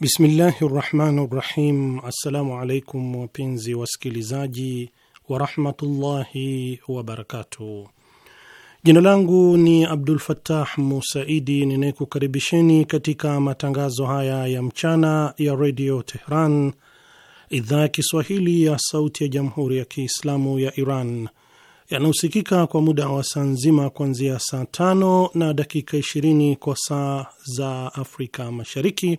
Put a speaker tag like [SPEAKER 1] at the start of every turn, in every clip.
[SPEAKER 1] Bismillahi rahmani rahim. Assalamu alaikum wapenzi wasikilizaji warahmatullahi wabarakatuh. Jina langu ni Abdul Fattah Musaidi ninayekukaribisheni katika matangazo haya ya mchana ya redio Tehran, idhaa ya Kiswahili ya sauti ya jamhuri ya Kiislamu ya Iran yanahusikika kwa muda wa saa nzima kuanzia saa tano na dakika 20 kwa saa za Afrika Mashariki,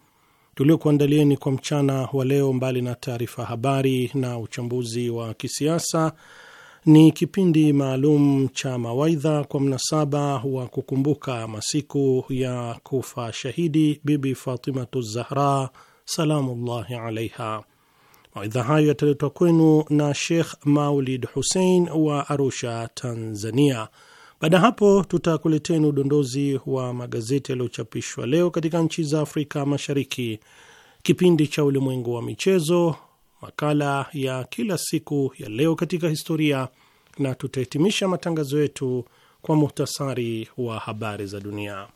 [SPEAKER 1] tuliokuandalieni kwa mchana wa leo, mbali na taarifa habari na uchambuzi wa kisiasa, ni kipindi maalum cha mawaidha kwa mnasaba wa kukumbuka masiku ya kufa shahidi Bibi Fatimatu Zahra salamullahi alaiha. Mawaidha hayo yataletwa kwenu na Shekh Maulid husein wa Arusha, Tanzania. Baada ya hapo, tutakuleteni udondozi wa magazeti yaliyochapishwa leo katika nchi za Afrika Mashariki, kipindi cha ulimwengu wa michezo, makala ya kila siku ya leo katika historia, na tutahitimisha matangazo yetu kwa muhtasari wa habari za dunia.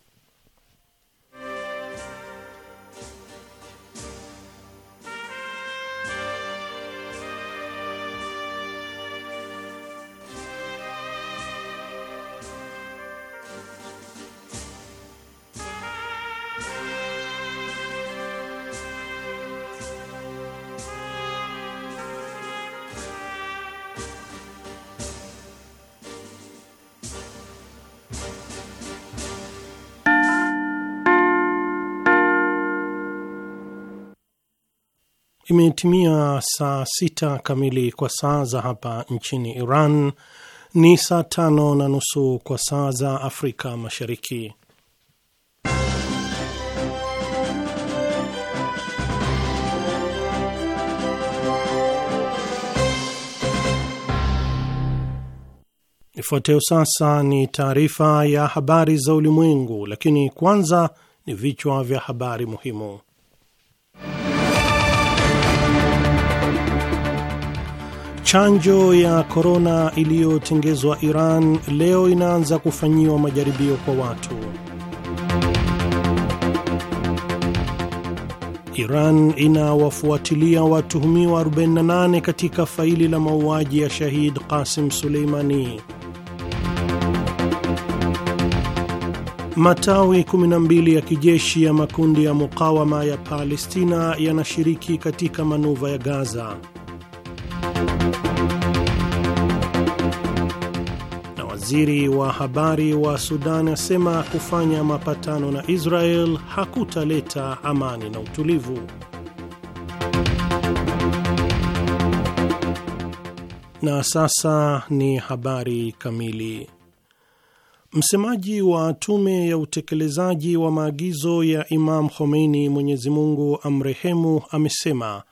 [SPEAKER 1] Imetimia saa sita kamili kwa saa za hapa nchini Iran, ni saa tano na nusu kwa saa za Afrika Mashariki. Ifuatayo sasa ni taarifa ya habari za ulimwengu, lakini kwanza ni vichwa vya habari muhimu. Chanjo ya korona iliyotengezwa Iran leo inaanza kufanyiwa majaribio kwa watu. Iran inawafuatilia watuhumiwa 48 katika faili la mauaji ya shahid Qasim Suleimani. Matawi 12 ya kijeshi ya makundi ya mukawama ya Palestina yanashiriki katika manuva ya Gaza. Na waziri wa habari wa Sudan asema kufanya mapatano na Israel hakutaleta amani na utulivu. Na sasa ni habari kamili. Msemaji wa tume ya utekelezaji wa maagizo ya Imam Khomeini, Mwenyezi Mungu amrehemu, amesema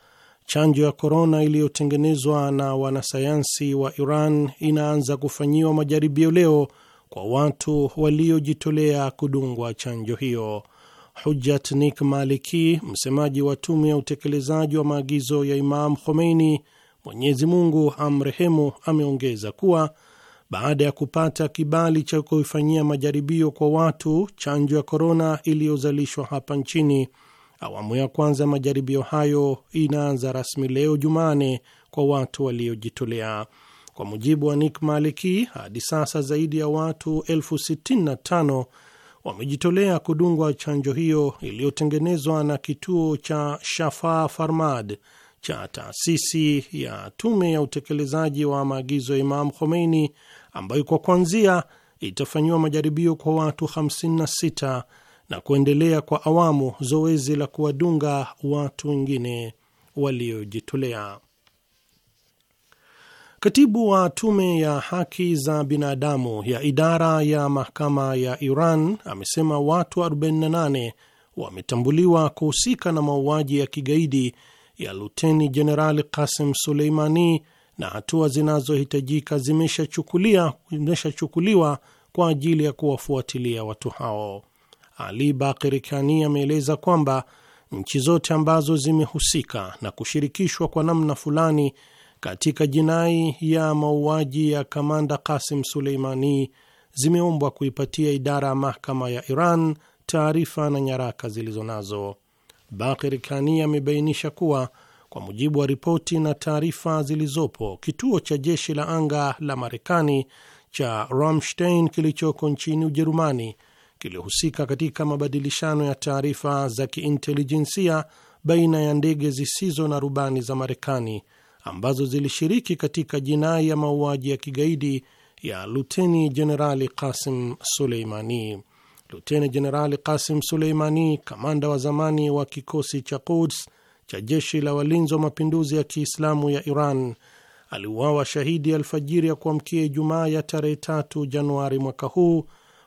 [SPEAKER 1] Chanjo ya korona iliyotengenezwa na wanasayansi wa Iran inaanza kufanyiwa majaribio leo kwa watu waliojitolea kudungwa chanjo hiyo. hujat Nik Maliki, msemaji wa tume ya utekelezaji wa maagizo ya Imam Khomeini, Mwenyezi Mungu amrehemu, ameongeza kuwa baada ya kupata kibali cha kuifanyia majaribio kwa watu chanjo ya korona iliyozalishwa hapa nchini Awamu ya kwanza ya majaribio hayo inaanza rasmi leo Jumane kwa watu waliojitolea. Kwa mujibu wa nik Maliki, hadi sasa zaidi ya watu elfu sitini na tano wamejitolea kudungwa chanjo hiyo iliyotengenezwa na kituo cha Shafa Farmad cha taasisi ya tume ya utekelezaji wa maagizo ya Imam Khomeini ambayo kwa kuanzia itafanyiwa majaribio kwa watu 56 na kuendelea kwa awamu zoezi la kuwadunga watu wengine waliojitolea. Katibu wa tume ya haki za binadamu ya idara ya mahakama ya Iran amesema watu 48 wametambuliwa kuhusika na mauaji ya kigaidi ya luteni jenerali Qasim Suleimani na hatua zinazohitajika zimeshachukuliwa kwa ajili ya kuwafuatilia watu hao. Ali Bakir Kani ameeleza kwamba nchi zote ambazo zimehusika na kushirikishwa kwa namna fulani katika jinai ya mauaji ya kamanda kasim Suleimani zimeombwa kuipatia idara ya mahakama ya Iran taarifa na nyaraka zilizo nazo. Bakir Kani amebainisha kuwa kwa mujibu wa ripoti na taarifa zilizopo, kituo cha jeshi la anga la Marekani cha Ramstein kilichoko nchini Ujerumani kilihusika katika mabadilishano ya taarifa za kiintelijensia baina ya ndege zisizo na rubani za Marekani ambazo zilishiriki katika jinai ya mauaji ya kigaidi ya Luteni Jenerali Kasim Suleimani. Luteni Jenerali Kasim Suleimani, kamanda wa zamani wa kikosi cha Quds cha jeshi la walinzi wa mapinduzi ya Kiislamu ya Iran, aliuawa shahidi alfajiri ya kuamkia Ijumaa ya tarehe 3 Januari mwaka huu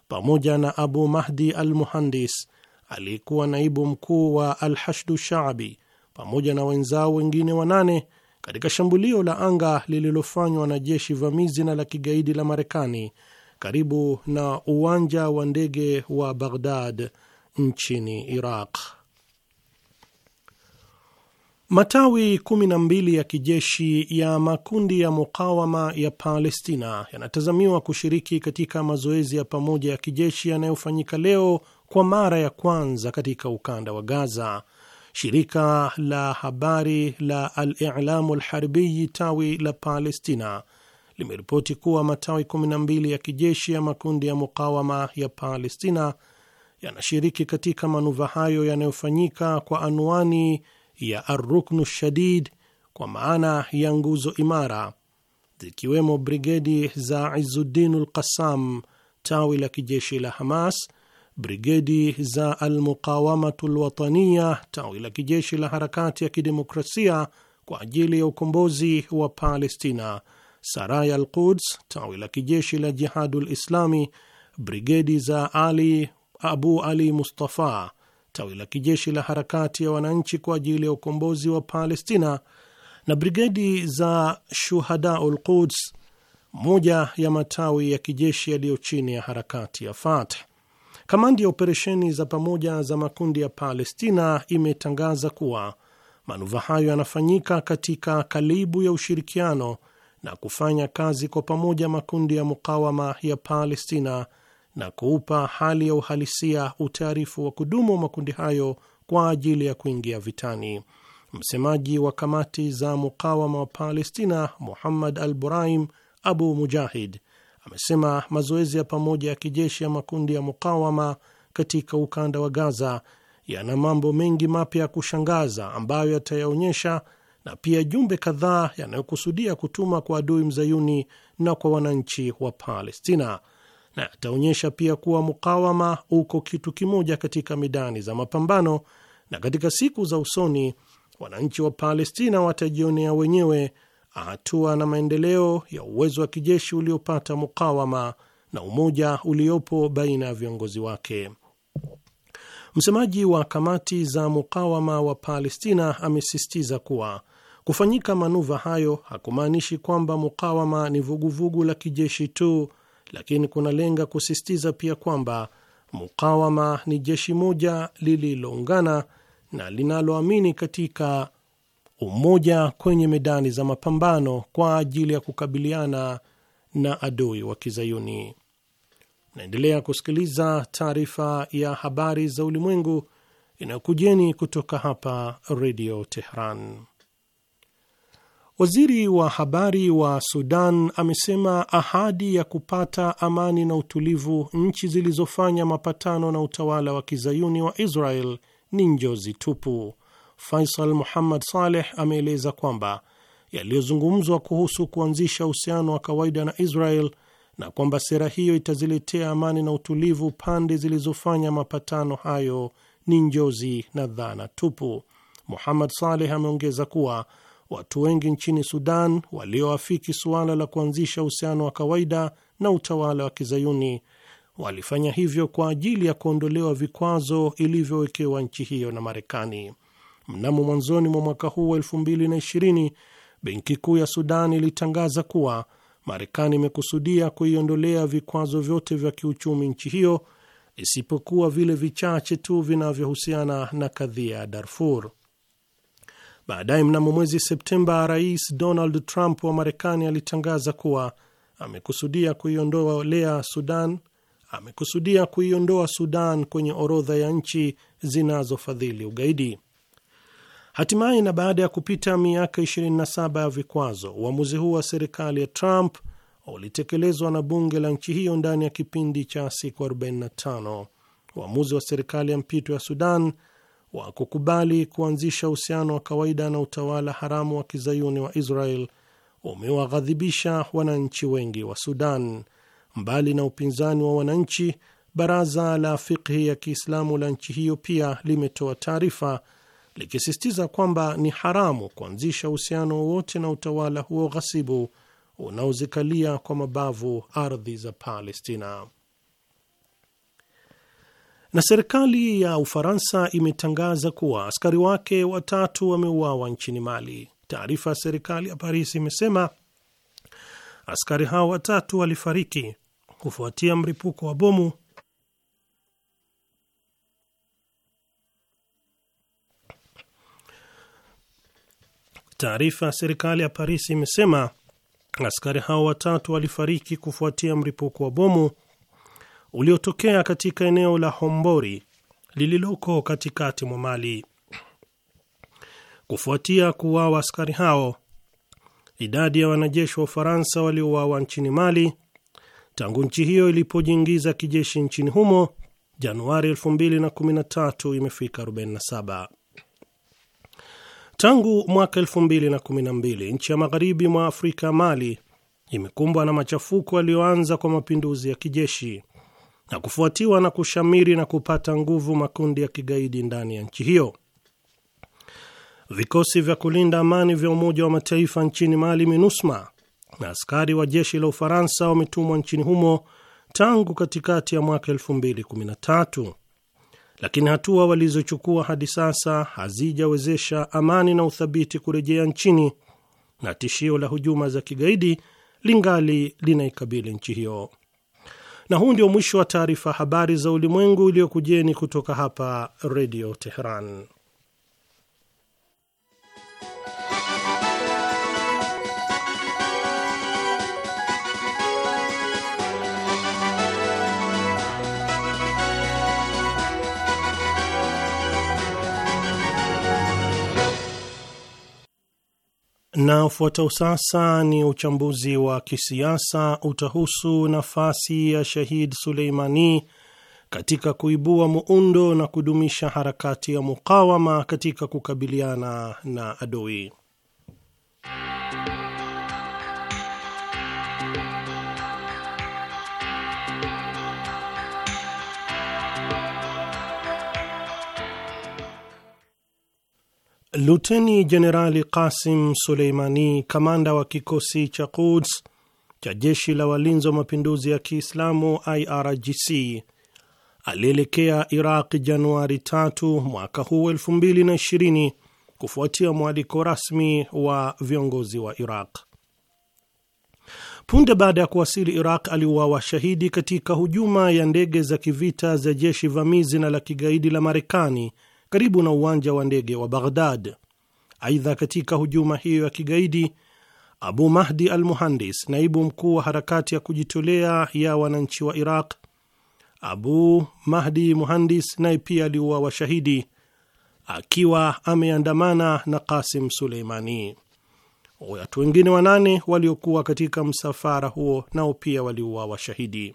[SPEAKER 1] pamoja na Abu Mahdi al Muhandis aliyekuwa naibu mkuu wa al Hashdu Shaabi pamoja na wenzao wengine wanane katika shambulio la anga lililofanywa na jeshi vamizi na la kigaidi la Marekani karibu na uwanja wa ndege wa Baghdad nchini Iraq. Matawi 12 ya kijeshi ya makundi ya mukawama ya Palestina yanatazamiwa kushiriki katika mazoezi ya pamoja ya kijeshi yanayofanyika leo kwa mara ya kwanza katika ukanda wa Gaza. Shirika la habari la Al-I'lamu Al-Harbiyi tawi la Palestina limeripoti kuwa matawi 12 ya kijeshi ya makundi ya mukawama ya Palestina yanashiriki katika manuva hayo yanayofanyika kwa anwani ya Arruknu Shadid kwa maana ya nguzo imara, zikiwemo brigedi za izuddin Lqassam, tawi la kijeshi la Hamas, brigedi za Almuqawamatu Lwataniya, tawi la kijeshi la harakati ya kidemokrasia kwa ajili ya ukombozi wa Palestina, Saraya al Quds, tawi la kijeshi la Jihadu lislami, brigedi za Ali Abu Ali Mustafa tawi la kijeshi la harakati ya wananchi kwa ajili ya ukombozi wa Palestina na brigedi za ul Quds, moja ya matawi ya kijeshi yaliyo chini ya harakati ya Fatah. Kamandi ya operesheni za pamoja za makundi ya Palestina imetangaza kuwa manuva hayo yanafanyika katika kalibu ya ushirikiano na kufanya kazi kwa pamoja makundi ya mukawama ya Palestina na kuupa hali ya uhalisia utaarifu wa kudumu wa makundi hayo kwa ajili ya kuingia vitani. Msemaji wa kamati za mukawama wa Palestina Muhammad al Burahim Abu Mujahid amesema mazoezi ya pamoja ya kijeshi ya makundi ya mukawama katika ukanda wa Gaza yana mambo mengi mapya ya kushangaza ambayo yatayaonyesha na pia jumbe kadhaa yanayokusudia kutuma kwa adui mzayuni na kwa wananchi wa Palestina na ataonyesha pia kuwa mukawama uko kitu kimoja katika midani za mapambano, na katika siku za usoni wananchi wa Palestina watajionea wenyewe hatua na maendeleo ya uwezo wa kijeshi uliopata mukawama na umoja uliopo baina ya viongozi wake. Msemaji wa kamati za mukawama wa Palestina amesisitiza kuwa kufanyika manuva hayo hakumaanishi kwamba mukawama ni vuguvugu la kijeshi tu lakini kunalenga kusisitiza pia kwamba mukawama ni jeshi moja lililoungana na linaloamini katika umoja kwenye medani za mapambano kwa ajili ya kukabiliana na adui wa Kizayuni. Naendelea kusikiliza taarifa ya habari za ulimwengu inayokujeni kutoka hapa Redio teheran Waziri wa habari wa Sudan amesema ahadi ya kupata amani na utulivu nchi zilizofanya mapatano na utawala wa kizayuni wa Israel ni njozi tupu. Faisal Muhammad Saleh ameeleza kwamba yaliyozungumzwa kuhusu kuanzisha uhusiano wa kawaida na Israel na kwamba sera hiyo itaziletea amani na utulivu pande zilizofanya mapatano hayo ni njozi na dhana tupu. Muhammad Saleh ameongeza kuwa watu wengi nchini Sudan walioafiki suala la kuanzisha uhusiano wa kawaida na utawala wa kizayuni walifanya hivyo kwa ajili ya kuondolewa vikwazo ilivyowekewa nchi hiyo na Marekani. Mnamo mwanzoni mwa mwaka huu wa 2020 benki kuu ya Sudan ilitangaza kuwa Marekani imekusudia kuiondolea vikwazo vyote vya kiuchumi nchi hiyo isipokuwa vile vichache tu vinavyohusiana na kadhia ya Darfur. Baadaye mnamo mwezi Septemba, Rais Donald Trump wa Marekani alitangaza kuwa amekusudia kuiondoa Sudan amekusudia kuiondoa Sudan kwenye orodha ya nchi zinazofadhili ugaidi. Hatimaye, na baada ya kupita miaka 27 ya vikwazo, uamuzi huu wa serikali ya Trump ulitekelezwa na bunge la nchi hiyo ndani ya kipindi cha siku 45. Uamuzi wa serikali ya mpito ya Sudan wa kukubali kuanzisha uhusiano wa kawaida na utawala haramu wa kizayuni wa Israel umewaghadhibisha wananchi wengi wa Sudan. Mbali na upinzani wa wananchi, baraza la fikhi ya Kiislamu la nchi hiyo pia limetoa taarifa likisisitiza kwamba ni haramu kuanzisha uhusiano wowote na utawala huo ghasibu unaozikalia kwa mabavu ardhi za Palestina. Na serikali ya Ufaransa imetangaza kuwa askari wake watatu wameuawa nchini Mali. Taarifa ya serikali ya Paris imesema askari hao watatu walifariki kufuatia mripuko wa bomu Taarifa ya serikali ya Paris imesema askari hao watatu walifariki kufuatia mripuko wa bomu uliotokea katika eneo la Hombori lililoko katikati mwa Mali. Kufuatia kuuawa askari hao, idadi ya wanajeshi wa Ufaransa waliouawa nchini Mali tangu nchi hiyo ilipojiingiza kijeshi nchini humo Januari 2013 imefika 47. Tangu mwaka 2012 nchi ya magharibi mwa Afrika Mali imekumbwa na machafuko yaliyoanza kwa mapinduzi ya kijeshi na kufuatiwa na kushamiri na kupata nguvu makundi ya kigaidi ndani ya nchi hiyo. Vikosi vya kulinda amani vya Umoja wa Mataifa nchini Mali, MINUSMA, na askari wa jeshi la Ufaransa wametumwa nchini humo tangu katikati ya mwaka 2013 lakini hatua walizochukua hadi sasa hazijawezesha amani na uthabiti kurejea nchini na tishio la hujuma za kigaidi lingali linaikabili nchi hiyo. Na huu ndio mwisho wa taarifa habari za ulimwengu iliyokujeni kutoka hapa Redio Teheran. Na ufuatao sasa ni uchambuzi wa kisiasa utahusu nafasi ya Shahid Suleimani katika kuibua muundo na kudumisha harakati ya mukawama katika kukabiliana na adui. Luteni Jenerali Qasim Suleimani, kamanda wa kikosi cha Quds cha jeshi la walinzi wa mapinduzi ya Kiislamu IRGC alielekea Iraq Januari 3 mwaka huu 2020 kufuatia mwaliko rasmi wa viongozi wa Iraq. Punde baada ya kuwasili Iraq, aliuawa shahidi katika hujuma ya ndege za kivita za jeshi vamizi na la kigaidi la Marekani karibu na uwanja wa ndege wa Baghdad. Aidha, katika hujuma hiyo ya kigaidi, Abu Mahdi al Muhandis, naibu mkuu wa harakati ya kujitolea ya wananchi wa Iraq, Abu Mahdi Muhandis naye pia aliuawa washahidi akiwa ameandamana na kasim Suleimani. Watu wengine wanane waliokuwa katika msafara huo nao pia waliuawa shahidi.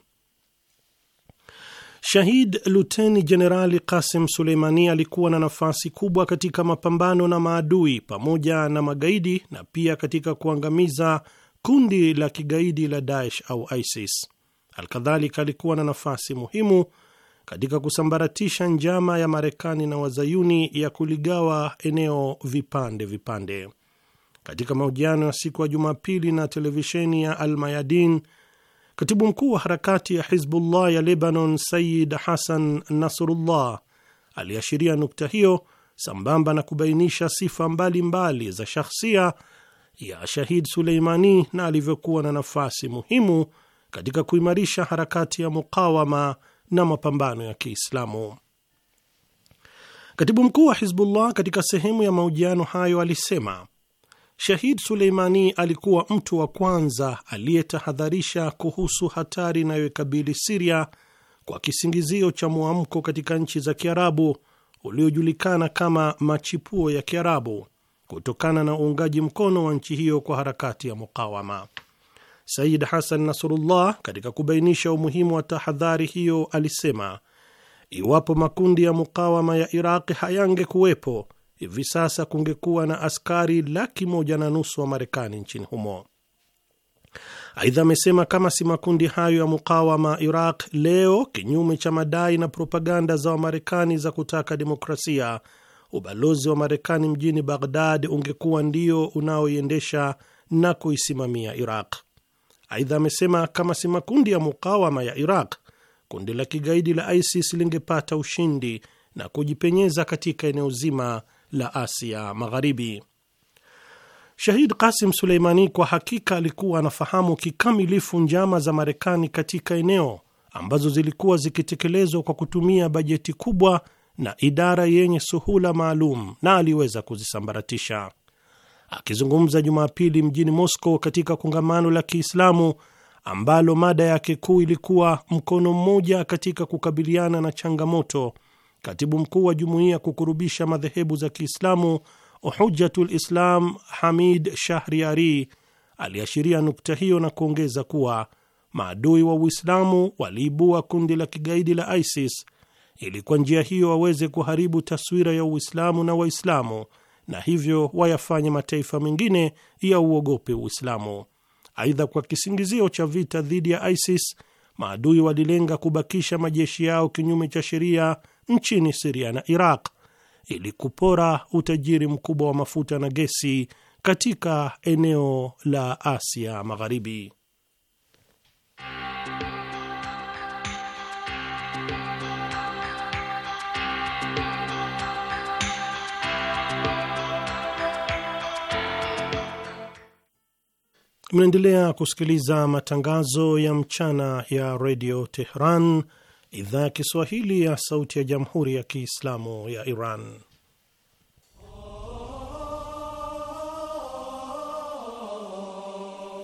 [SPEAKER 1] Shahid Luteni Jenerali Kasim Suleimani alikuwa na nafasi kubwa katika mapambano na maadui pamoja na magaidi na pia katika kuangamiza kundi la kigaidi la Daesh au ISIS. Alkadhalika, alikuwa na nafasi muhimu katika kusambaratisha njama ya Marekani na Wazayuni ya kuligawa eneo vipande vipande. Katika mahojiano ya siku ya Jumapili na televisheni ya Almayadin, Katibu mkuu wa harakati ya Hizbullah ya Lebanon, Sayid Hasan Nasrullah, aliashiria nukta hiyo sambamba na kubainisha sifa mbalimbali mbali za shahsia ya Shahid Suleimani na alivyokuwa na nafasi muhimu katika kuimarisha harakati ya mukawama na mapambano ya Kiislamu. Katibu mkuu wa Hizbullah katika sehemu ya mahojiano hayo alisema Shahid Suleimani alikuwa mtu wa kwanza aliyetahadharisha kuhusu hatari inayoikabili Siria kwa kisingizio cha mwamko katika nchi za Kiarabu uliojulikana kama machipuo ya Kiarabu kutokana na uungaji mkono wa nchi hiyo kwa harakati ya mukawama. Said Hasan Nasrullah katika kubainisha umuhimu wa tahadhari hiyo alisema, iwapo makundi ya mukawama ya Iraqi hayangekuwepo hivi sasa kungekuwa na askari laki moja na nusu wa Marekani nchini humo. Aidha amesema kama si makundi hayo ya mukawama Iraq leo, kinyume cha madai na propaganda za Wamarekani za kutaka demokrasia, ubalozi wa Marekani mjini Baghdad ungekuwa ndio unaoiendesha na kuisimamia Iraq. Aidha amesema kama si makundi ya mukawama ya Iraq, kundi la kigaidi la ISIS lingepata ushindi na kujipenyeza katika eneo zima la Asia Magharibi. Shahid Qasim Suleimani kwa hakika alikuwa anafahamu kikamilifu njama za Marekani katika eneo ambazo zilikuwa zikitekelezwa kwa kutumia bajeti kubwa na idara yenye suhula maalum na aliweza kuzisambaratisha. Akizungumza Jumapili mjini Moscow katika kongamano la Kiislamu ambalo mada yake kuu ilikuwa mkono mmoja katika kukabiliana na changamoto Katibu mkuu wa jumuiya kukurubisha madhehebu za Kiislamu Hujatul Islam Hamid Shahriari aliashiria nukta hiyo na kuongeza kuwa maadui wa Uislamu waliibua kundi la kigaidi la ISIS ili kwa njia hiyo waweze kuharibu taswira ya Uislamu na Waislamu na hivyo wayafanye mataifa mengine ya uogope Uislamu. Aidha, kwa kisingizio cha vita dhidi ya ISIS maadui walilenga kubakisha majeshi yao kinyume cha sheria nchini Siria na Iraq ili kupora utajiri mkubwa wa mafuta na gesi katika eneo la Asia Magharibi. Mnaendelea kusikiliza matangazo ya mchana ya redio Tehran, idhaa ya Kiswahili ya Sauti ya Jamhuri ya Kiislamu ya Iran.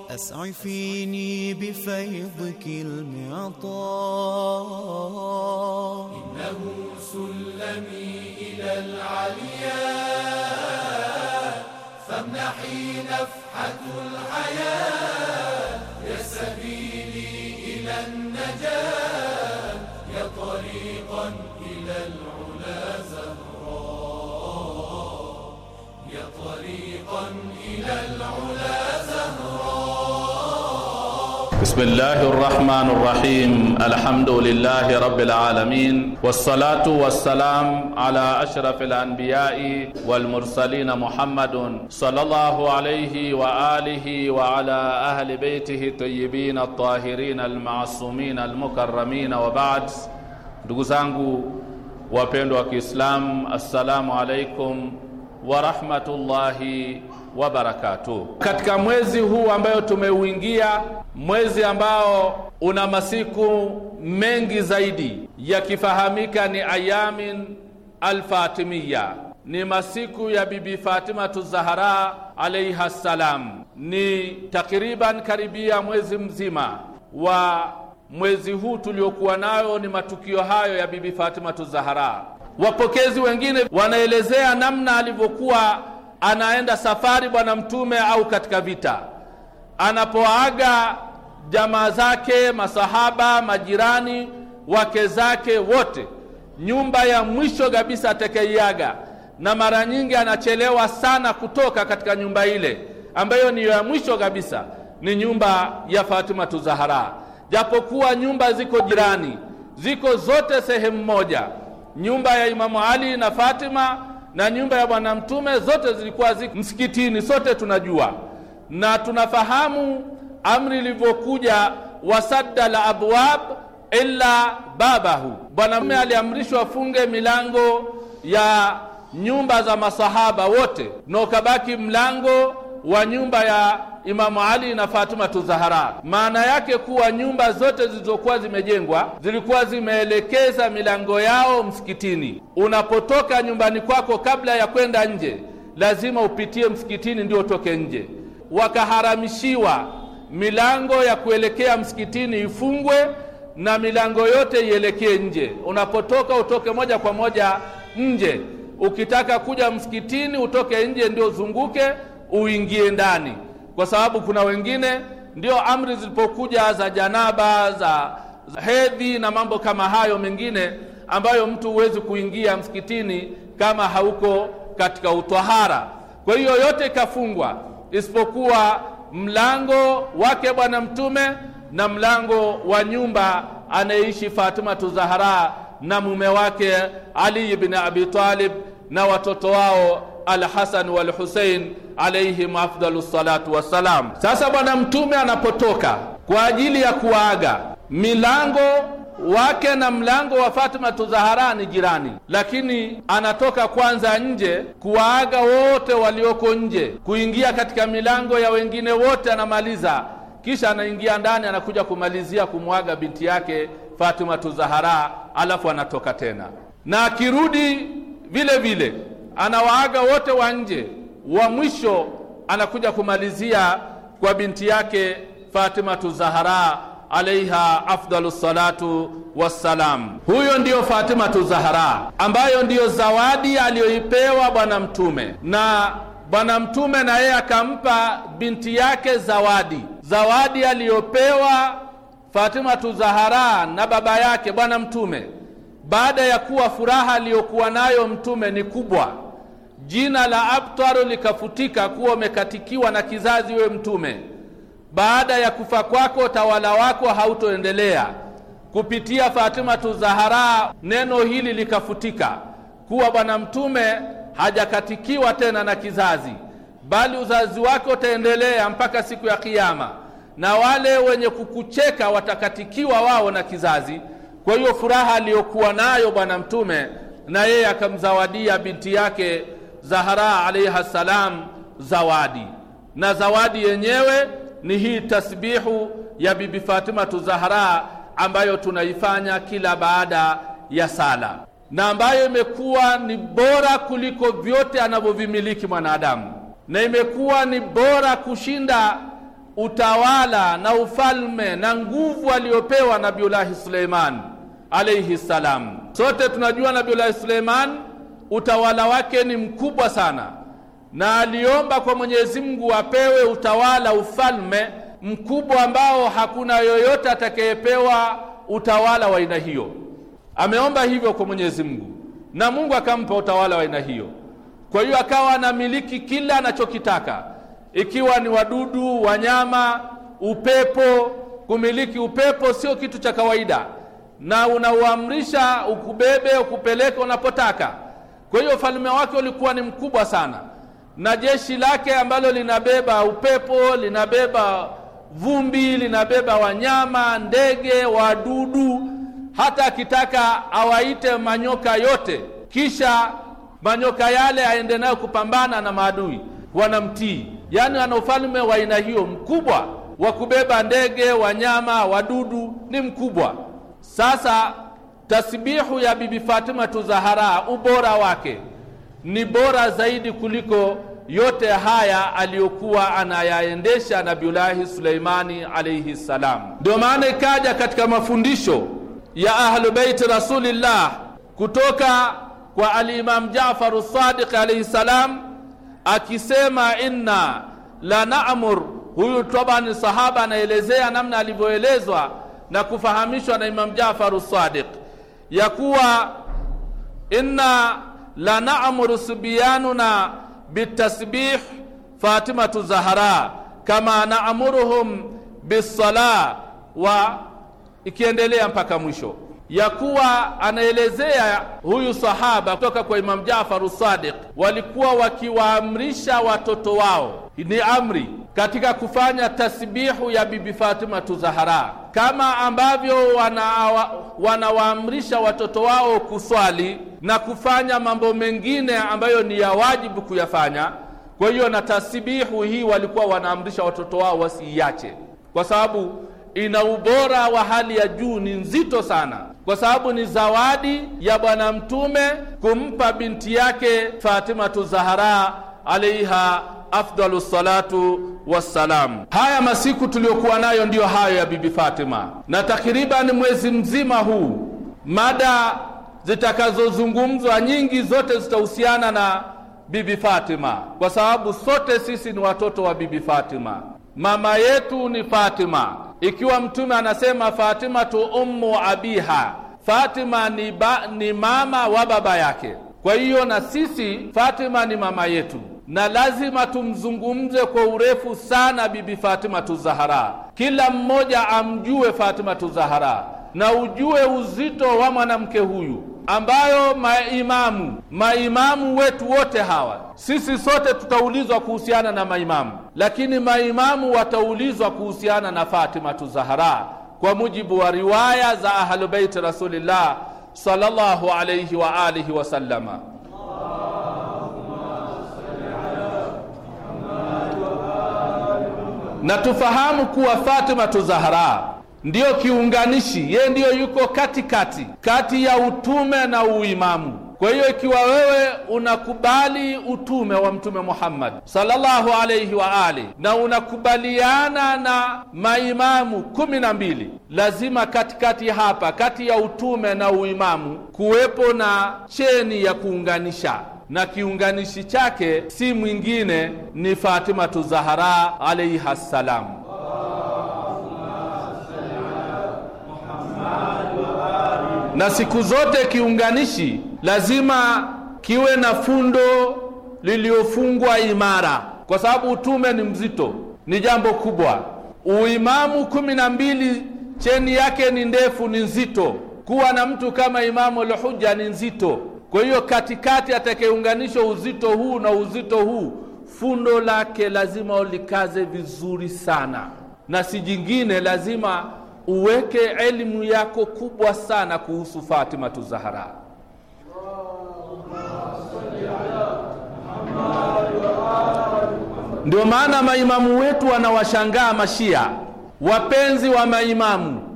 [SPEAKER 2] أسعفيني بفيضك المعطاء إنه سلمي إلى العليا
[SPEAKER 3] فامنحي نفحة الحياة
[SPEAKER 4] بسم الله الرحمن الرحيم الحمد لله رب العالمين والصلاة والسلام على أشرف الأنبياء والمرسلين محمد صلى الله عليه وآله وعلى أهل بيته الطيبين الطاهرين المعصومين المكرمين وبعد دوزانغو وبين إسلام السلام عليكم ورحمة الله barakatuh. Katika mwezi huu ambayo tumeuingia, mwezi ambao una masiku mengi zaidi yakifahamika ni ayamin alfatimiya, ni masiku ya Bibi Fatima Zahara alaiha salam, ni takriban karibia mwezi mzima wa mwezi huu tuliokuwa nayo ni matukio hayo ya Bibi Fatimatu Zahara. Wapokezi wengine wanaelezea namna alivyokuwa anaenda safari bwana mtume au katika vita, anapoaga jamaa zake, masahaba, majirani, wake zake wote, nyumba ya mwisho kabisa atakaiaga, na mara nyingi anachelewa sana kutoka katika nyumba ile ambayo ni ya mwisho kabisa, ni nyumba ya Fatima Tuzahara. Japokuwa nyumba ziko jirani, ziko zote sehemu moja, nyumba ya Imamu Ali na Fatima na nyumba ya Bwana Mtume zote zilikuwa ziko msikitini. Sote tunajua na tunafahamu amri ilivyokuja, wasadda la abwab illa babahu. Bwana Mtume aliamrishwa afunge milango ya nyumba za masahaba wote, na ukabaki mlango wa nyumba ya Imamu Ali na Fatuma Tuzahara. Maana yake kuwa nyumba zote zilizokuwa zimejengwa zilikuwa zimeelekeza milango yao msikitini. Unapotoka nyumbani kwako, kabla ya kwenda nje, lazima upitie msikitini ndio utoke nje. Wakaharamishiwa milango ya kuelekea msikitini ifungwe na milango yote ielekee nje. Unapotoka utoke moja kwa moja nje. Ukitaka kuja msikitini utoke nje, ndio uzunguke uingie ndani kwa sababu kuna wengine ndio amri zilipokuja za janaba za, za hedhi na mambo kama hayo mengine ambayo mtu huwezi kuingia msikitini kama hauko katika utwahara. Kwa hiyo yote ikafungwa isipokuwa mlango wake Bwana Mtume na mlango wa nyumba anayeishi fatima Zahra na mume wake Ali ibn Abi Talib na watoto wao Alhasan walhusein alaihim afdalu salatu wassalam. Sasa Bwana Mtume anapotoka kwa ajili ya kuwaaga, milango wake na mlango wa Fatima Tuzahara ni jirani, lakini anatoka kwanza nje kuwaaga wote walioko nje, kuingia katika milango ya wengine wote anamaliza, kisha anaingia ndani, anakuja kumalizia kumwaga binti yake Fatima Tuzahara, alafu anatoka tena na akirudi vile vile anawaaga wote wa nje, wa mwisho anakuja kumalizia kwa binti yake Fatimatu Zahara alaiha afdalu salatu wassalam. Huyo ndiyo Fatimatu Zahara ambayo ndiyo zawadi aliyoipewa Bwana Mtume, na Bwana Mtume na yeye akampa binti yake zawadi, zawadi aliyopewa Fatimatu Zahara na baba yake Bwana Mtume, baada ya kuwa furaha aliyokuwa nayo Mtume ni kubwa jina la abtaru likafutika kuwa umekatikiwa na kizazi we mtume baada ya kufa kwako tawala wako hautoendelea kupitia fatimatu zahara neno hili likafutika kuwa bwana mtume hajakatikiwa tena na kizazi bali uzazi wako utaendelea mpaka siku ya kiama na wale wenye kukucheka watakatikiwa wao na kizazi kwa hiyo furaha aliyokuwa nayo bwana mtume na yeye akamzawadia binti yake Zahara alaiha salam zawadi, na zawadi yenyewe ni hii tasbihu ya Bibi Fatimatu Zahara ambayo tunaifanya kila baada ya sala na ambayo imekuwa ni bora kuliko vyote anavyovimiliki mwanadamu, na imekuwa ni bora kushinda utawala na ufalme na nguvu aliyopewa Nabiullahi Suleiman alaihi salam. Sote tunajua Nabiullahi Suleiman utawala wake ni mkubwa sana, na aliomba kwa Mwenyezi Mungu apewe utawala, ufalme mkubwa ambao hakuna yoyote atakayepewa utawala wa aina hiyo. Ameomba hivyo kwa Mwenyezi Mungu na Mungu akampa utawala wa aina hiyo. Kwa hiyo akawa anamiliki kila anachokitaka, ikiwa ni wadudu, wanyama, upepo. Kumiliki upepo sio kitu cha kawaida, na unauamrisha ukubebe, ukupeleke unapotaka kwa hiyo ufalme wake ulikuwa ni mkubwa sana, na jeshi lake ambalo linabeba upepo, linabeba vumbi, linabeba wanyama, ndege, wadudu. Hata akitaka awaite manyoka yote, kisha manyoka yale aende nayo kupambana na maadui, wanamtii. Yaani ana ufalme wa aina hiyo mkubwa wa kubeba ndege, wanyama, wadudu, ni mkubwa sasa tasbihu ya Bibi Fatima Tuzahara, ubora wake ni bora zaidi kuliko yote haya aliyokuwa anayaendesha Nabiullahi Suleimani alaihi salam. Ndio maana ikaja katika mafundisho ya Ahlubeiti Rasulillah kutoka kwa Alimam Jafaru Sadiq alaihi salam akisema inna la namur. Huyu tabani sahaba anaelezea namna alivyoelezwa na kufahamishwa na Imam Jafaru Sadiq ya kuwa inna la naamuru subyanuna bitasbih Fatimatu Zahra kama naamuruhum bisala wa ikiendelea mpaka mwisho, ya kuwa anaelezea huyu sahaba kutoka kwa Imam Jaafar Sadiq, walikuwa wakiwaamrisha watoto wao ni amri katika kufanya tasbihu ya Bibi Fatima Tuzahara, kama ambavyo wanawaamrisha wana watoto wao kuswali na kufanya mambo mengine ambayo ni ya wajibu kuyafanya. Kwa hiyo na tasbihu hii walikuwa wanaamrisha watoto wao wasiiache, kwa sababu ina ubora wa hali ya juu, ni nzito sana, kwa sababu ni zawadi ya Bwana Mtume kumpa binti yake Fatima Tuzahara alaiha afdalu salatu wassalam. Haya masiku tuliyokuwa nayo ndiyo hayo ya Bibi Fatima, na takriban mwezi mzima huu mada zitakazozungumzwa nyingi zote zitahusiana na Bibi Fatima, kwa sababu sote sisi ni watoto wa Bibi Fatima. Mama yetu ni Fatima, ikiwa Mtume anasema Fatima tu ummu abiha, Fatima ni, ba, ni mama wa baba yake. Kwa hiyo na sisi Fatima ni mama yetu na lazima tumzungumze kwa urefu sana Bibi Fatima Tuzahara, kila mmoja amjue Fatima Tuzahara na ujue uzito wa mwanamke huyu ambayo maimamu maimamu wetu wote hawa sisi sote tutaulizwa kuhusiana na maimamu, lakini maimamu wataulizwa kuhusiana na Fatima Tuzahara kwa mujibu wa riwaya za Ahlubeiti Rasulillah sallallahu alaihi wa alihi wasallama. na tufahamu kuwa fatima Zahra ndiyo kiunganishi, yeye ndiyo yuko katikati kati ya utume na uimamu. Kwa hiyo ikiwa wewe unakubali utume wa Mtume Muhammad sallallahu alaihi wa ali na unakubaliana na maimamu kumi na mbili, lazima katikati hapa kati ya utume na uimamu kuwepo na cheni ya kuunganisha na kiunganishi chake si mwingine ni Fatimatu Zahara alaiha salam. Na siku zote kiunganishi lazima kiwe na fundo liliyofungwa imara, kwa sababu utume ni mzito, ni jambo kubwa. Uimamu kumi na mbili cheni yake ni ndefu, ni nzito. Kuwa na mtu kama Imamu Lhuja ni nzito. Kwa hiyo katikati atakayeunganisha uzito huu na uzito huu, fundo lake lazima ulikaze vizuri sana, na si jingine, lazima uweke elimu yako kubwa sana kuhusu Fatima Tuzahara. Ndio maana maimamu wetu wanawashangaa Mashia, wapenzi wa maimamu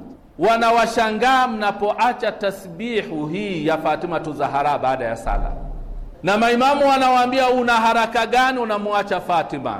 [SPEAKER 4] wanawashangaa mnapoacha tasbihu hii ya fatima Zahara baada ya sala, na maimamu wanawaambia una haraka gani unamwacha Fatima?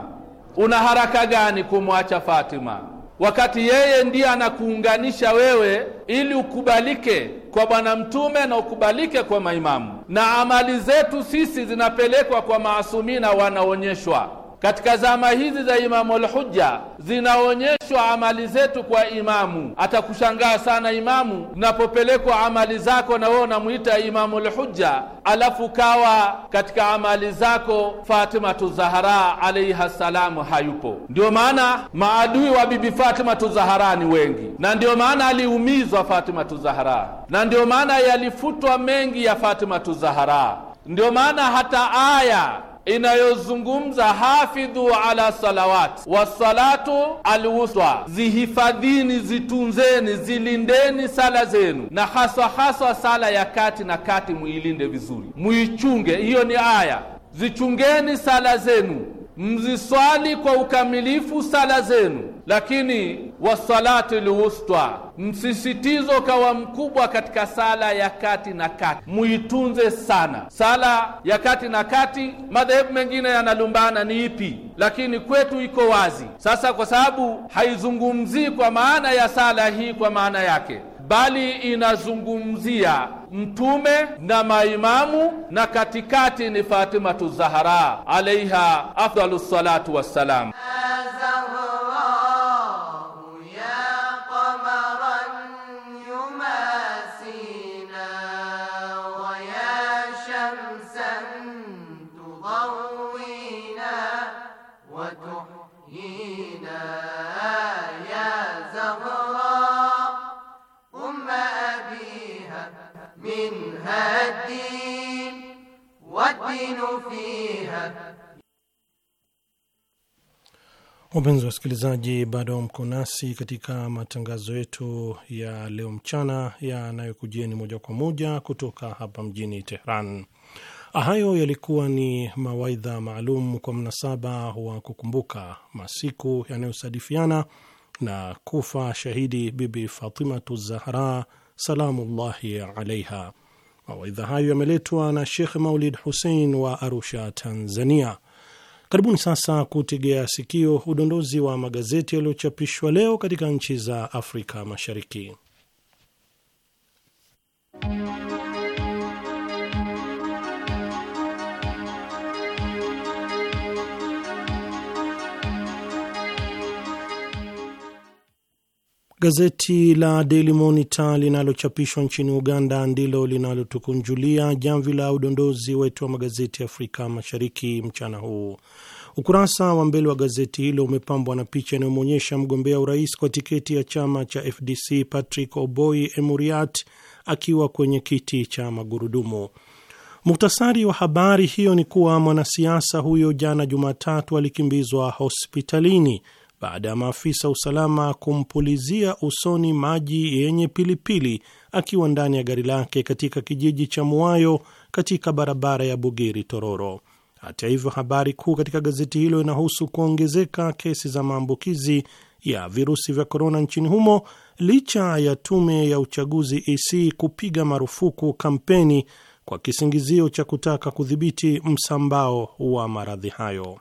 [SPEAKER 4] Una haraka gani kumwacha Fatima, wakati yeye ndiye anakuunganisha wewe ili ukubalike kwa Bwana Mtume na ukubalike kwa maimamu, na amali zetu sisi zinapelekwa kwa maasumina, wanaonyeshwa katika zama hizi za Imamu Alhujja zinaonyeshwa amali zetu kwa imamu. Atakushangaa sana imamu unapopelekwa amali zako, na wewe unamwita Imamu Alhujja, alafu kawa katika amali zako Fatimatu Zahara alaiha ssalamu hayupo. Ndio maana maadui wa Bibi Fatimatu Zahara ni wengi, na ndio maana aliumizwa Fatimatu Zahara, na ndio maana yalifutwa mengi ya Fatimatu Zahara, ndio maana hata aya inayozungumza hafidhu ala salawat wassalatu alwusta, zihifadhini, zitunzeni, zilindeni sala zenu, na haswa haswa sala ya kati na kati muilinde vizuri, muichunge. Hiyo ni aya, zichungeni sala zenu, mziswali kwa ukamilifu sala zenu, lakini wassalatu alwusta msisitizo kawa mkubwa katika sala ya kati na kati, muitunze sana sala ya kati na kati. Madhehebu mengine yanalumbana ni ipi, lakini kwetu iko wazi sasa, kwa sababu haizungumzii kwa maana ya sala hii kwa maana yake, bali inazungumzia Mtume na maimamu na katikati ni Fatimatu Zahara alaiha afdalu salatu wassalam.
[SPEAKER 1] Wapenzi wasikilizaji, bado mko nasi katika matangazo yetu ya leo mchana yanayokujieni moja kwa moja kutoka hapa mjini
[SPEAKER 5] Tehran.
[SPEAKER 1] Hayo yalikuwa ni mawaidha maalum kwa mnasaba wa kukumbuka masiku yanayosadifiana na kufa shahidi Bibi Fatimatu Zahra salamullahi alaiha. Mawaidha hayo yameletwa na Shekh Maulid husein wa Arusha, Tanzania. Karibuni sasa kutegea sikio udondozi wa magazeti yaliyochapishwa leo katika nchi za Afrika Mashariki. Gazeti la Daily Monitor linalochapishwa nchini Uganda ndilo linalotukunjulia jamvi la udondozi wetu wa magazeti ya Afrika Mashariki mchana huu. Ukurasa wa mbele wa gazeti hilo umepambwa na picha inayomwonyesha mgombea urais kwa tiketi ya chama cha FDC Patrick Oboi Emuriat akiwa kwenye kiti cha magurudumu. Muktasari wa habari hiyo ni kuwa mwanasiasa huyo jana Jumatatu alikimbizwa hospitalini baada ya maafisa usalama kumpulizia usoni maji yenye pilipili akiwa ndani ya gari lake katika kijiji cha Muayo katika barabara ya Bugiri Tororo. Hata hivyo, habari kuu katika gazeti hilo inahusu kuongezeka kesi za maambukizi ya virusi vya korona nchini humo licha ya tume ya uchaguzi EC kupiga marufuku kampeni kwa kisingizio cha kutaka kudhibiti msambao wa maradhi hayo.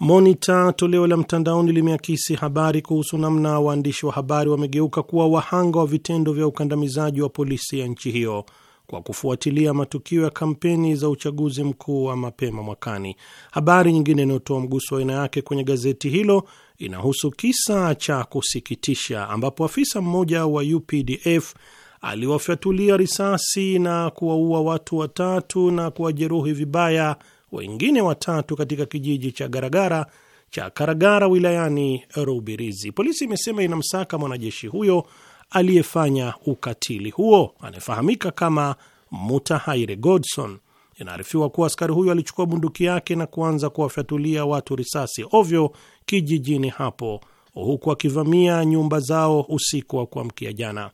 [SPEAKER 1] Monita toleo la mtandaoni limeakisi habari kuhusu namna waandishi wa habari wamegeuka kuwa wahanga wa vitendo vya ukandamizaji wa polisi ya nchi hiyo kwa kufuatilia matukio ya kampeni za uchaguzi mkuu wa mapema mwakani. Habari nyingine inayotoa mguso wa aina yake kwenye gazeti hilo inahusu kisa cha kusikitisha ambapo afisa mmoja wa UPDF aliwafyatulia risasi na kuwaua watu watatu na kuwajeruhi vibaya wengine watatu katika kijiji cha Garagara cha Karagara wilayani Rubirizi. Polisi imesema inamsaka mwanajeshi huyo aliyefanya ukatili huo anayefahamika kama Mutahaire Godson. Inaarifiwa kuwa askari huyo alichukua bunduki yake na kuanza kuwafyatulia watu risasi ovyo kijijini hapo, huku akivamia nyumba zao usiku wa kuamkia jana.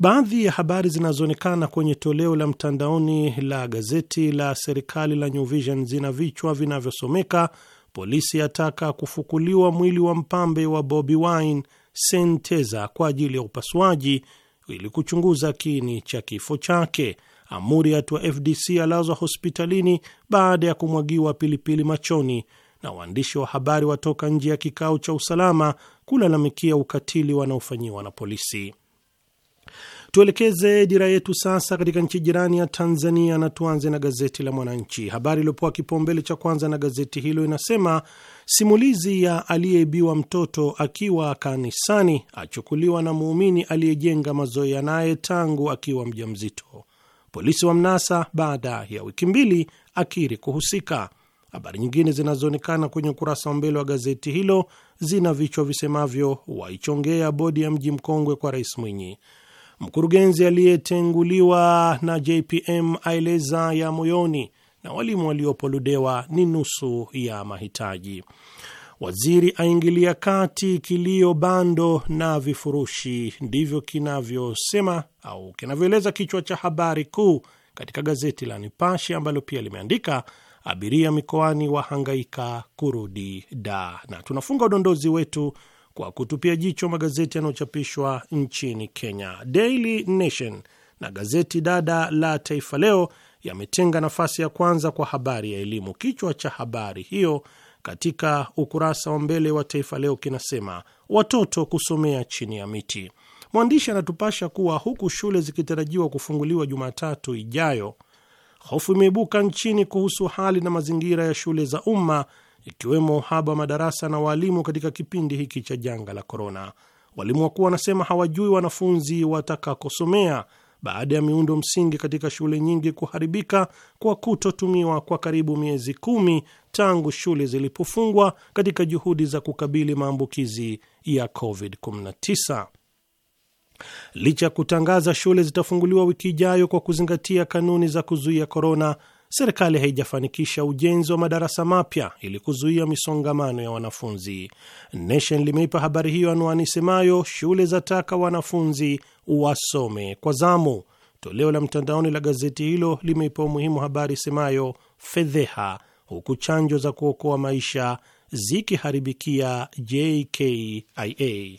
[SPEAKER 1] Baadhi ya habari zinazoonekana kwenye toleo la mtandaoni la gazeti la serikali la New Vision zina vichwa vinavyosomeka: polisi ataka kufukuliwa mwili wa mpambe wa Bobi Wine Senteza kwa ajili ya upasuaji ili kuchunguza kiini cha kifo chake. Amuriat wa FDC alazwa hospitalini baada ya kumwagiwa pilipili machoni, na waandishi wa habari watoka nje ya kikao cha usalama kulalamikia ukatili wanaofanyiwa na polisi. Tuelekeze dira yetu sasa katika nchi jirani ya Tanzania na tuanze na gazeti la Mwananchi. Habari iliyopewa kipaumbele cha kwanza na gazeti hilo inasema simulizi ya aliyeibiwa mtoto akiwa kanisani achukuliwa na muumini aliyejenga mazoea naye tangu akiwa mjamzito. Polisi wa mnasa baada ya wiki mbili akiri kuhusika. Habari nyingine zinazoonekana kwenye ukurasa wa mbele wa gazeti hilo zina vichwa visemavyo: waichongea bodi ya mji mkongwe kwa Rais Mwinyi, Mkurugenzi aliyetenguliwa na JPM aeleza ya moyoni na walimu waliopoludewa ni nusu ya mahitaji. Waziri aingilia kati kilio bando na vifurushi, ndivyo kinavyosema au kinavyoeleza kichwa cha habari kuu katika gazeti la Nipashe ambalo pia limeandika abiria mikoani wahangaika kurudi da, na tunafunga udondozi wetu kwa kutupia jicho magazeti yanayochapishwa nchini Kenya. Daily Nation na gazeti dada la Taifa Leo yametenga nafasi ya kwanza kwa habari ya elimu. Kichwa cha habari hiyo katika ukurasa wa mbele wa Taifa Leo kinasema watoto kusomea chini ya miti. Mwandishi anatupasha kuwa huku shule zikitarajiwa kufunguliwa Jumatatu ijayo, hofu imeibuka nchini kuhusu hali na mazingira ya shule za umma ikiwemo uhaba wa madarasa na waalimu katika kipindi hiki cha janga la korona. Walimu wakuu wanasema hawajui wanafunzi watakakosomea baada ya miundo msingi katika shule nyingi kuharibika kwa kutotumiwa kwa karibu miezi kumi tangu shule zilipofungwa katika juhudi za kukabili maambukizi ya COVID-19. Licha ya kutangaza shule zitafunguliwa wiki ijayo kwa kuzingatia kanuni za kuzuia korona, serikali haijafanikisha ujenzi wa madarasa mapya ili kuzuia misongamano ya wanafunzi. Nation limeipa habari hiyo anwani semayo, shule za taka wanafunzi wasome kwa zamu. Toleo la mtandaoni la gazeti hilo limeipa umuhimu habari semayo, fedheha huku chanjo za kuokoa maisha zikiharibikia JKIA.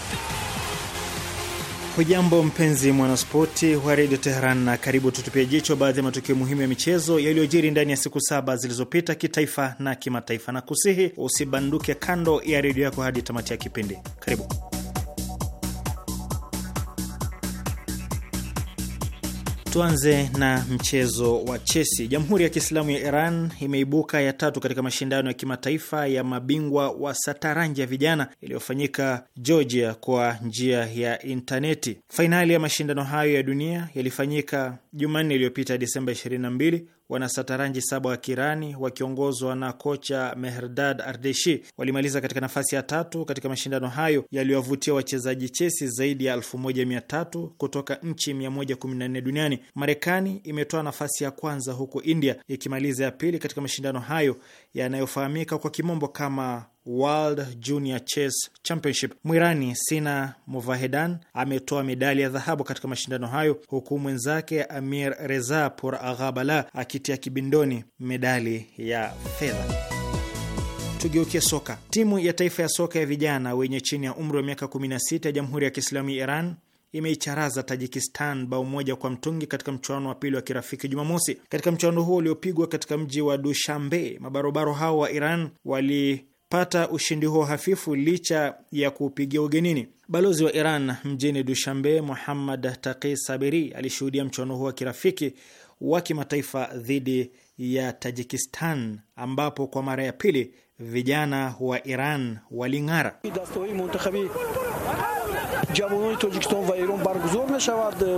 [SPEAKER 6] Hujambo mpenzi mwanaspoti wa redio Teheran na karibu, tutupia jicho baadhi ya matukio muhimu ya michezo yaliyojiri ndani ya siku saba zilizopita kitaifa na kimataifa, na kusihi usibanduke kando ya redio yako hadi tamati ya kipindi. Karibu. Tuanze na mchezo wa chesi. Jamhuri ya Kiislamu ya Iran imeibuka ya tatu katika mashindano ya kimataifa ya mabingwa wa sataranji ya vijana iliyofanyika Georgia kwa njia ya intaneti. Fainali ya mashindano hayo ya dunia yalifanyika Jumanne iliyopita Disemba 22, wanasataranji saba wa Kirani wakiongozwa na kocha Mehrdad Ardeshi walimaliza katika nafasi ya tatu katika mashindano hayo yaliyowavutia wachezaji chesi zaidi ya 1300 kutoka nchi 114 duniani. Marekani imetoa nafasi ya kwanza huku India ikimaliza ya pili katika mashindano hayo yanayofahamika kwa kimombo kama World Junior Chess Championship. Mwirani Sina Movahedan ametoa medali ya dhahabu katika mashindano hayo huku mwenzake Amir Reza Por Aghabala akitia kibindoni medali ya fedha. Tugeukie soka. Timu ya taifa ya soka ya vijana wenye chini ya umri wa miaka 16 ya Jamhuri ya Kiislamu ya Iran imeicharaza Tajikistan bao moja kwa mtungi katika mchuano wa pili wa kirafiki Jumamosi. Katika mchuano huo uliopigwa katika mji wa Dushambe, mabarobaro hao wa Iran wali kupata ushindi huo hafifu licha ya kuupigia ugenini. Balozi wa Iran mjini Dushambe, Muhammad Taqi sabiri alishuhudia mchuano huo wa kirafiki wa kimataifa dhidi ya Tajikistan, ambapo kwa mara ya pili vijana wa Iran waling'ara.
[SPEAKER 1] جوانان تاجیکستان و ایران برگزار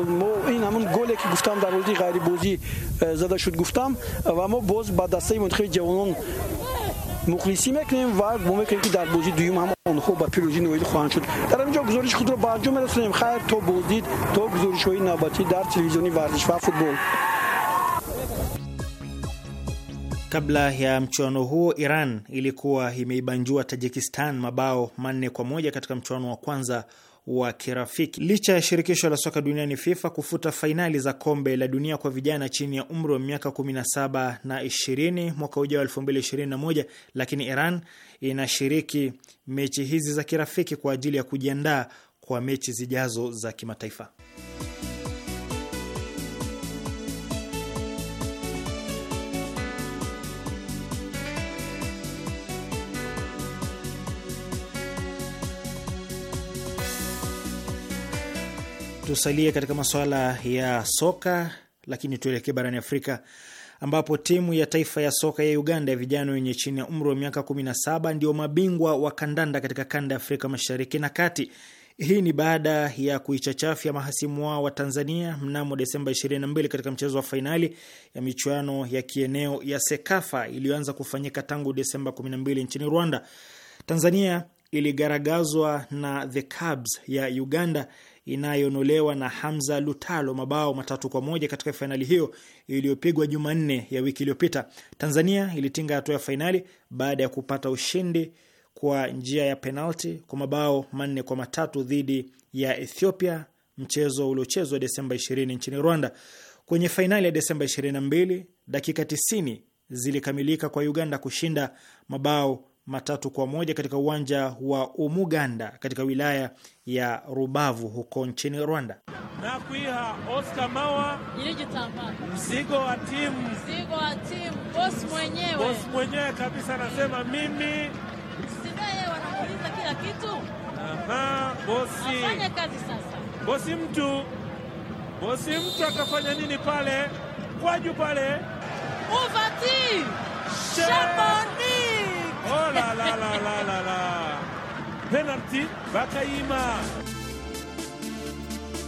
[SPEAKER 1] ما این همون گلی که گفتم در روزی بازی زده شد گفتم و ما باز دسته منتخب جوانان مخلصی میکنیم و بوم میکنیم که در بازی دویم هم خوب با پیروزی نوید خواهند شد در اینجا گزارش خود را با انجام رسانیم خیر تو بودید تو گزارش های نباتی در تلویزیونی ورزش و فوتبال
[SPEAKER 6] Kabla ya mchuano huo, Iran ilikuwa imeibanjua Tajikistan mabao manne kwa moja katika mchuano wa kwanza wa kirafiki. Licha ya shirikisho la soka duniani FIFA kufuta fainali za kombe la dunia kwa vijana chini ya umri wa miaka 17 na 20 mwaka ujao 2021, lakini Iran inashiriki mechi hizi za kirafiki kwa ajili ya kujiandaa kwa mechi zijazo za kimataifa. Tusalie katika masuala ya soka, lakini tuelekee barani Afrika ambapo timu ya taifa ya soka ya Uganda ya vijana wenye chini ya umri wa miaka 17 ndio mabingwa wa kandanda katika kanda ya Afrika Mashariki na Kati. Hii ni baada ya kuichachafya mahasimu wao wa Tanzania mnamo Desemba 22 katika mchezo wa fainali ya michuano ya kieneo ya SEKAFA iliyoanza kufanyika tangu Desemba 12 nchini Rwanda. Tanzania iligaragazwa na the Cubs ya Uganda inayonolewa na Hamza Lutalo mabao matatu kwa moja katika fainali hiyo iliyopigwa Jumanne ya wiki iliyopita. Tanzania ilitinga hatua ya fainali baada ya kupata ushindi kwa njia ya penalti kwa mabao manne kwa matatu dhidi ya Ethiopia, mchezo uliochezwa Desemba 20 nchini Rwanda. Kwenye fainali ya Desemba 22, dakika 90 zilikamilika kwa Uganda kushinda mabao matatu kwa moja katika uwanja wa Umuganda katika wilaya ya Rubavu huko nchini Rwanda.
[SPEAKER 4] na kwiha Oscar Mawa mzigo wa timu, mzigo wa timu, boss
[SPEAKER 2] mwenyewe, boss
[SPEAKER 1] mwenyewe kabisa, anasema mimi
[SPEAKER 2] sidaye, wanamuuliza kila
[SPEAKER 3] kitu.
[SPEAKER 4] Aha, bosi afanye
[SPEAKER 3] kazi sasa.
[SPEAKER 4] Bosi mtu, bosi mtu akafanya nini pale kwaju pale Uvat penalti Bakayima.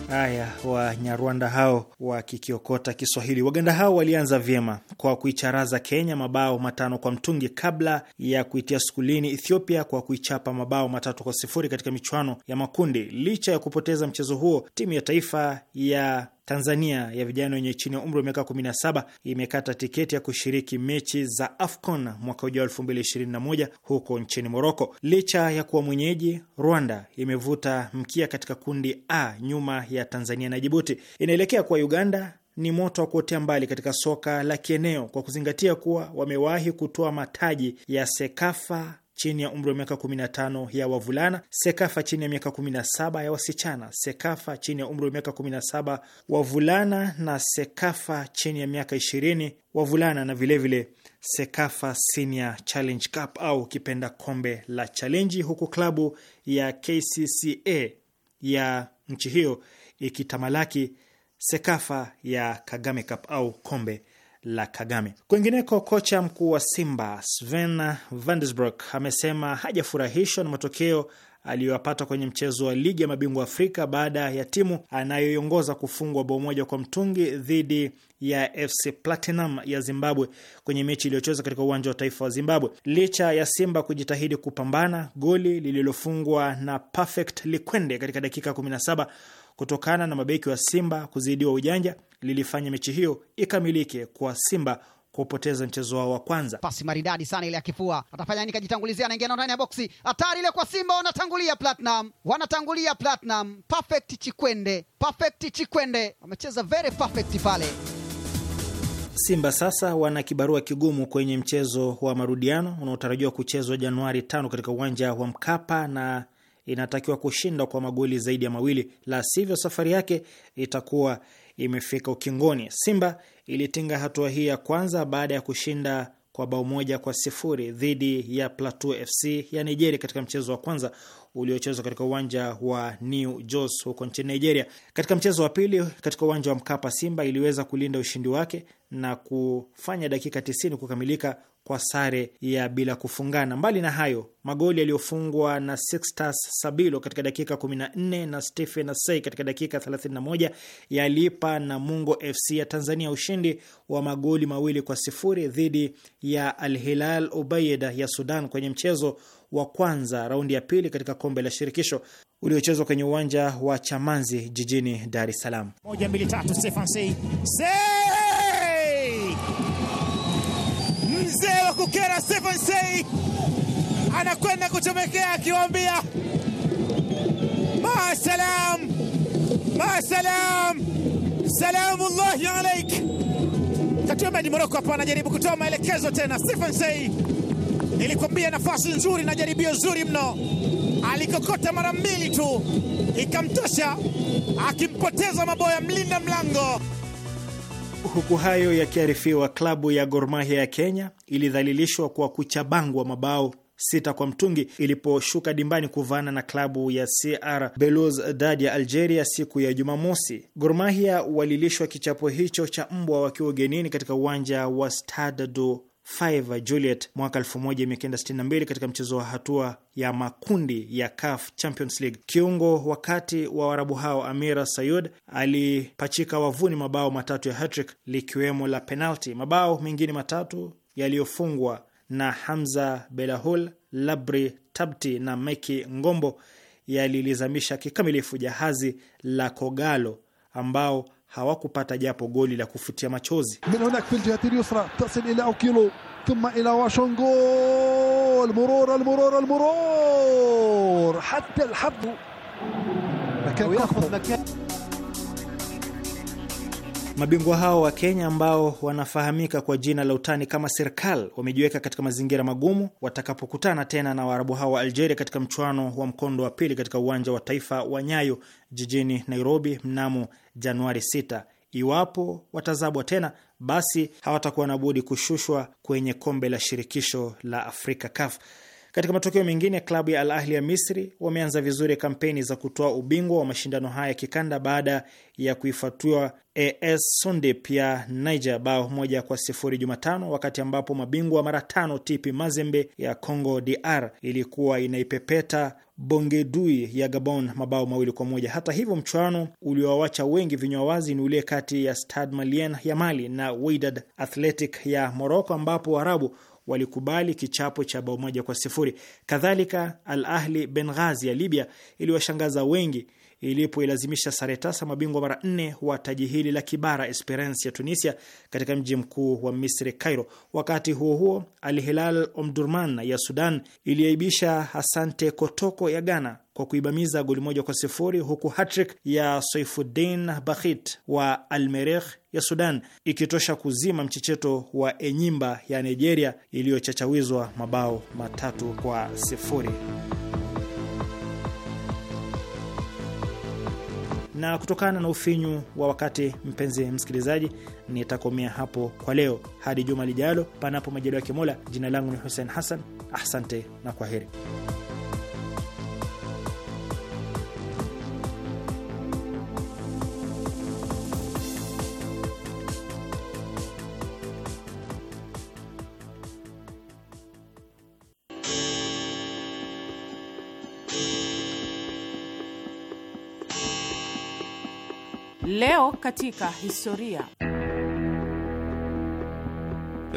[SPEAKER 6] Haya, Wanyarwanda hao wakikiokota Kiswahili. Waganda hao walianza vyema kwa kuicharaza Kenya mabao matano kwa mtungi kabla ya kuitia sukulini Ethiopia kwa kuichapa mabao matatu kwa sifuri katika michuano ya makundi. Licha ya kupoteza mchezo huo, timu ya taifa ya Tanzania ya vijana wenye chini ya umri wa miaka 17 imekata tiketi ya kushiriki mechi za AFCON mwaka ujao 2021 huko nchini Moroko. Licha ya kuwa mwenyeji, Rwanda imevuta mkia katika kundi A nyuma ya Tanzania na Jibuti. Inaelekea kuwa Uganda ni moto wa kuotea mbali katika soka la kieneo kwa kuzingatia kuwa wamewahi kutoa mataji ya Sekafa chini ya umri wa miaka 15 ya wavulana, SEKAFA chini ya miaka 17 ya wasichana, SEKAFA chini ya umri wa miaka 17 wavulana na SEKAFA chini ya miaka 20 wavulana, na vilevile vile SEKAFA Senior Challenge Cup au kipenda kombe la challenji huku klabu ya KCCA ya nchi hiyo ikitamalaki SEKAFA ya Kagame Cup au kombe la Kagame. Kwingineko, kocha mkuu wa Simba Sven Vandenbroek amesema hajafurahishwa na matokeo aliyoyapata kwenye mchezo wa ligi ya mabingwa Afrika baada ya timu anayoiongoza kufungwa bao moja kwa mtungi dhidi ya FC Platinum ya Zimbabwe kwenye mechi iliyochezwa katika uwanja wa taifa wa Zimbabwe. Licha ya Simba kujitahidi kupambana, goli lililofungwa na Perfect Likwende katika dakika 17 kutokana na mabeki wa Simba kuzidiwa ujanja lilifanya mechi hiyo ikamilike kwa Simba kupoteza mchezo wao wa kwanza. Pasi maridadi sana ile ya kifua, atafanya nini? Kajitangulizia, anaingia ndani ya boksi, hatari ile kwa Simba. Wanatangulia Platinum, wanatangulia Platinum. Perfect Chikwende, perfect Chikwende wamecheza very perfect pale. Simba sasa wana kibarua kigumu kwenye mchezo wa marudiano unaotarajiwa kuchezwa Januari tano katika uwanja wa Mkapa na inatakiwa kushinda kwa magoli zaidi ya mawili, la sivyo safari yake itakuwa imefika ukingoni. Simba ilitinga hatua hii ya kwanza baada ya kushinda kwa bao moja kwa sifuri dhidi ya Plateau FC ya Nigeria katika mchezo wa kwanza uliochezwa katika uwanja wa New Jos huko nchini Nigeria. Katika mchezo wa pili katika uwanja wa Mkapa, Simba iliweza kulinda ushindi wake na kufanya dakika 90 kukamilika kwa sare ya bila kufungana. Mbali na hayo, magoli yaliyofungwa na Sixtus Sabilo katika dakika 14 na Stephen Asei katika dakika 31 yalipa na mungo FC ya Tanzania ushindi wa magoli mawili kwa sifuri dhidi ya Al Hilal Ubaida ya Sudan kwenye mchezo wa kwanza raundi ya pili katika kombe la shirikisho uliochezwa kwenye uwanja wa Chamanzi jijini Dar es Salaam. Moja,
[SPEAKER 2] mbili, tatu, Mzee wa kukera anakwenda kuchomekea akiwaambia masalam masalam
[SPEAKER 6] salamullahi alaik. Moroko hapa anajaribu kutoa maelekezo
[SPEAKER 1] tena Stefan Nilikwambia nafasi nzuri na jaribio zuri mno, alikokota mara mbili tu ikamtosha, akimpoteza maboya mlinda
[SPEAKER 3] mlango.
[SPEAKER 6] Huku hayo yakiarifiwa, klabu ya Gor Mahia ya Kenya ilidhalilishwa kwa kuchabangwa mabao sita kwa mtungi iliposhuka dimbani kuvana na klabu ya CR Belouizdad ya Algeria siku ya Jumamosi. Gor Mahia walilishwa kichapo hicho cha mbwa wakiwa ugenini katika uwanja wa Stade do 5 uh, Juliet mwaka 1962 katika mchezo wa hatua ya makundi ya CAF Champions League. Kiungo wakati wa Waarabu hao Amira Sayud alipachika wavuni mabao matatu ya hatrick likiwemo la penalti. Mabao mengine matatu yaliyofungwa na Hamza Belahul, Labri Tabti na Meki Ngombo yalilizamisha kikamilifu jahazi la Kogalo ambao hawakupata japo goli la kufutia machozi. ثم الى واشنغو المرور المرور المرور حتى الحب
[SPEAKER 5] مكان ياخذ مكان
[SPEAKER 6] Mabingwa hao wa Kenya ambao wanafahamika kwa jina la utani kama Serikal wamejiweka katika mazingira magumu watakapokutana tena na Waarabu hao wa Algeria katika mchuano wa mkondo wa pili katika uwanja wa taifa wa Nyayo jijini Nairobi mnamo Januari 6. Iwapo watazabwa tena, basi hawatakuwa na budi kushushwa kwenye kombe la shirikisho la Afrika, CAF. Katika matokeo mengine, klabu ya Al Ahli ya Misri wameanza vizuri kampeni za kutoa ubingwa wa mashindano haya ya kikanda baada ya kuifatua AS Sundip ya Niger bao moja kwa sifuri Jumatano, wakati ambapo mabingwa mara tano Tipi Mazembe ya Congo DR ilikuwa inaipepeta Bongedui ya Gabon mabao mawili kwa moja. Hata hivyo, mchuano uliowawacha wengi vinywa wazi ni ule kati ya stad Malien ya Mali na Wydad Athletic ya moroko ambapo Waarabu walikubali kichapo cha bao moja kwa sifuri. Kadhalika, Al Ahli Benghazi ya Libya iliwashangaza wengi ilipoilazimisha sare tasa mabingwa mara nne wa taji hili la kibara Esperance ya Tunisia katika mji mkuu wa Misri, Cairo. Wakati huo huo, Al Hilal Omdurman ya Sudan iliaibisha Asante Kotoko ya Ghana kwa kuibamiza goli moja kwa sifuri huku hatrik ya soifudin Bakhit wa Almerekh ya Sudan ikitosha kuzima mchecheto wa Enyimba ya Nigeria iliyochachawizwa mabao matatu kwa sifuri. na kutokana na ufinyu wa wakati, mpenzi msikilizaji, nitakomea hapo kwa leo. Hadi juma lijalo, panapo majaliwa ya Mola. Jina langu ni Hussein Hassan, asante na kwaheri.
[SPEAKER 2] Leo katika historia.